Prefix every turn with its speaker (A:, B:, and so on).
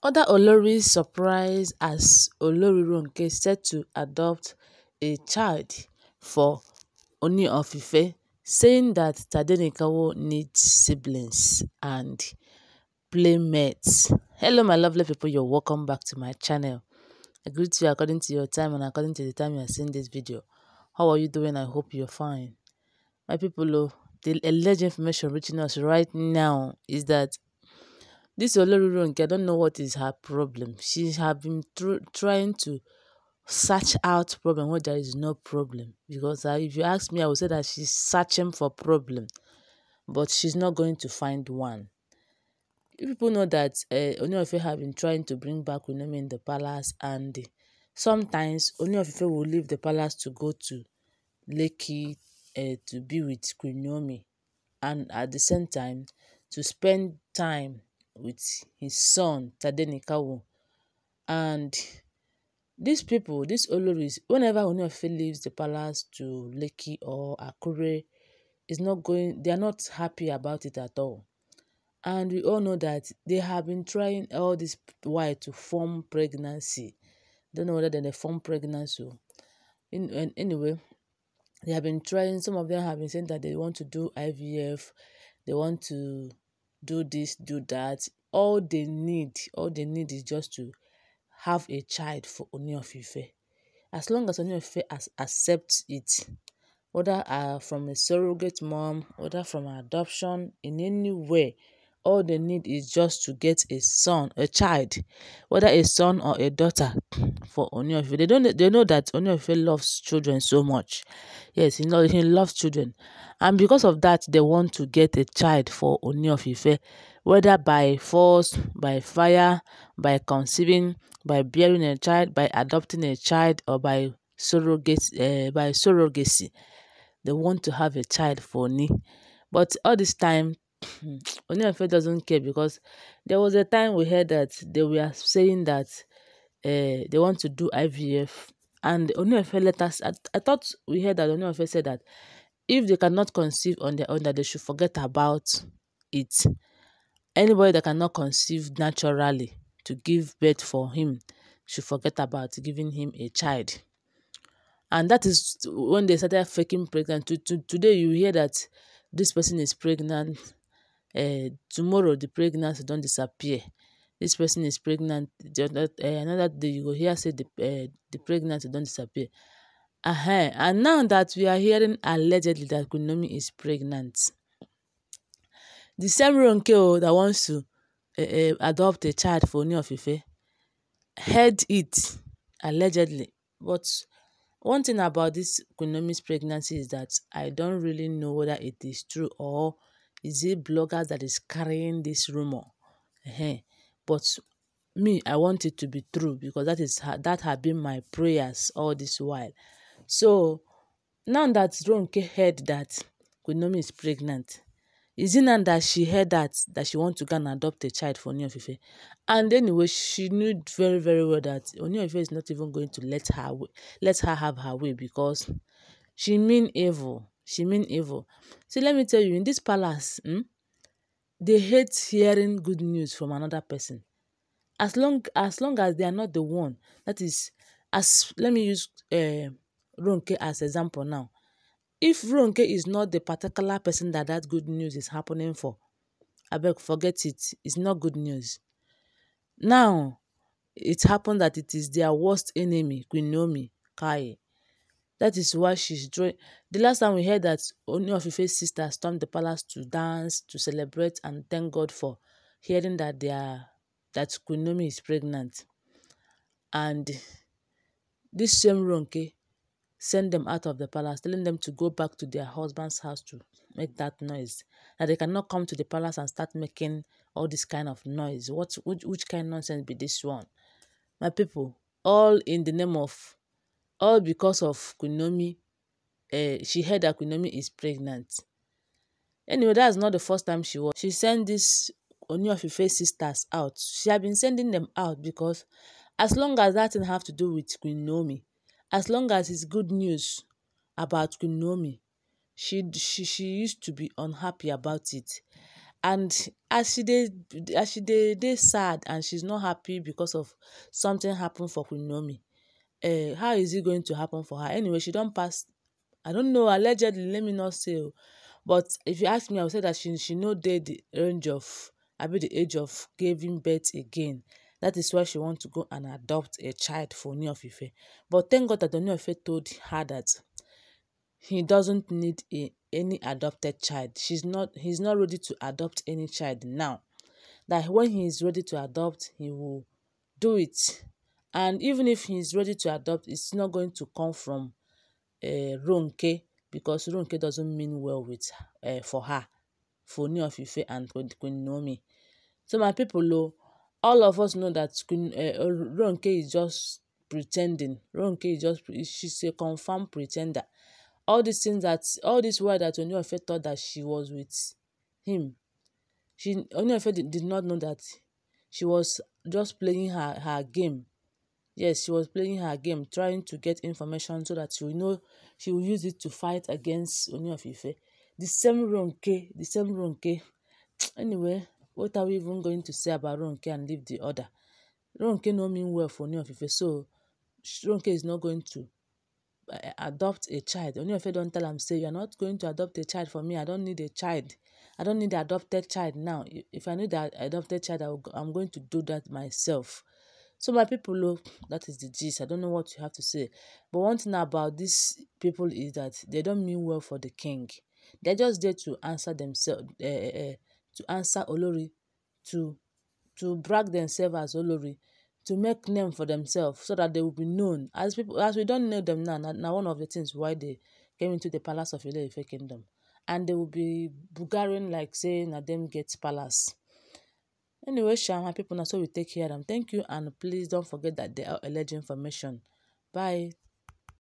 A: Other Oloris surprised as Olori Ronke set to adopt a child for Ooni of Ife, saying that Tadenikawo needs siblings and playmates. Hello my lovely people, you're welcome back to my channel. I greet you according to your time and according to the time you are seeing this video. How are you doing? I hope you're fine. My people, oh, the alleged information reaching us right now is that This wrong. I don't know what is her problem. She have been trying to search out problem where there is no problem. Because I, uh, if you ask me, I would say that she's searching for problem. But she's not going to find one. People know that uh, eh, you have been trying to bring back Unome in the palace and sometimes Onyofe will leave the palace to go to Lekki uh, to be with Queen and at the same time to spend time with his son Tadenikawo. And these people, these Oloris, whenever them leaves the palace to Leki or Akure, is not going. They are not happy about it at all. And we all know that they have been trying all this while to form pregnancy. Don't know whether they form pregnancy. In, in anyway, they have been trying. Some of them have been saying that they want to do IVF. They want to do this, do that. All they need, all they need is just to have a child for Oni of As long as Oni of Ife has accepts it, whether uh, from a surrogate mom, whether from adoption, in any way, all they need is just to get a son, a child, whether a son or a daughter for Onyofe. They don't they know that Onyofe loves children so much. Yes, he knows he loves children. And because of that, they want to get a child for Onyofe, whether by force, by fire, by conceiving, by bearing a child, by adopting a child, or by surrogacy, uh, by surrogacy. They want to have a child for Oni. But all this time, Ooni hmm. doesn't care because there was a time we heard that they were saying that uh, they want to do IVF, and Ooni let us. I, I thought we heard that Ooni said that if they cannot conceive on their own, that they should forget about it. Anybody that cannot conceive naturally to give birth for him should forget about giving him a child. And that is when they started faking pregnant. To, to, today, you hear that this person is pregnant Eh, tomorrow the pregnancy don't disappear this person is pregnant the other, uh, another day you go hear say the uh, the pregnancy don't disappear uh-huh. and now that we are hearing allegedly that Kunomi is pregnant the same Ronke that wants to uh, uh, adopt a child for new of Ife heard it allegedly but one thing about this Kunomi's pregnancy is that I don't really know whether it is true or is it bloggers that is carrying this rumor? Uh-huh. But me, I want it to be true because that is that have been my prayers all this while. So now that Ronke heard that Kunomi is pregnant, is it now that she heard that that she want to go and adopt a child for Onyofife? And anyway, she knew very very well that Onyofife is not even going to let her let her have her way because she mean evil. she mean evil. See, let me tell you, in this palace, hmm, they hate hearing good news from another person. As long as long as they are not the one, that is, as let me use uh, Ronke as example now. If Ronke is not the particular person that that good news is happening for, I beg forget it. It's not good news. Now, it happened that it is their worst enemy, Queen Naomi Kai. That is why she's drawing. The last time we heard that only of Ife's sisters stormed the palace to dance, to celebrate, and thank God for hearing that they are, that Queen is pregnant. And this same Ronke sent them out of the palace, telling them to go back to their husband's house to make that noise. That they cannot come to the palace and start making all this kind of noise. What which, which kind of nonsense be this one? My people, all in the name of all because of Kunomi. Uh, eh, she heard that Kunomi is pregnant. Anyway, that's not the first time she was. She sent this of Oniofife sisters out. She had been sending them out because as long as that didn't have to do with Kunomi, as long as it's good news about Kunomi, she, she, she used to be unhappy about it. and as she did as she did, they sad and she's not happy because of something happened for Kunomi. uh, how is it going to happen for her? Anyway, she don't pass. I don't know. Allegedly, let me not say. But if you ask me, I would say that she she no dey the range of I the age of giving birth again. That is why she want to go and adopt a child for Ooni But thank God that Ooni told her that he doesn't need a, any adopted child. She's not he's not ready to adopt any child now. That when he is ready to adopt, he will do it And even if he's ready to adopt, it's not going to come from uh, Ronke because Ronke doesn't mean well with uh, for her, Foni of Ife and Queen me, So my people, lo, oh, all of us know that Queen uh, Ronke is just pretending. Ronke is just she's a confirmed pretender. All these things that all this word that Oniofe thought that she was with him, she Oniofe did, did not know that she was just playing her her game Yes, she was playing her game, trying to get information so that she will know she will use it to fight against Oni of Ife. The same Ronke, the same Ronke. Anyway, what are we even going to say about Ronke and leave the other? Ronke no mean well for Oni of Ife, so Ronke is not going to eh, adopt a child. Only if you don't tell him, say, You're not going to adopt a child for me. I don't need a child. I don't need the adopted child now. If I need that adopted child, I am going to do that myself. So my people, look, that is the gist. I don't know what you have to say. But one thing about these people is that they don't mean well for the king. They're just there to answer themselves, uh, uh, to answer Olori, to to brag themselves as Olori, to make name for themselves so that they will be known. As people, as we don't know them now, now one of the things why they came into the palace of Ile Ife kingdom. And they will be Bulgarian like saying that them get palace. Anyway sha my people na so we take hear Them, Thank you and please don't forget that they are alleged information. Bye.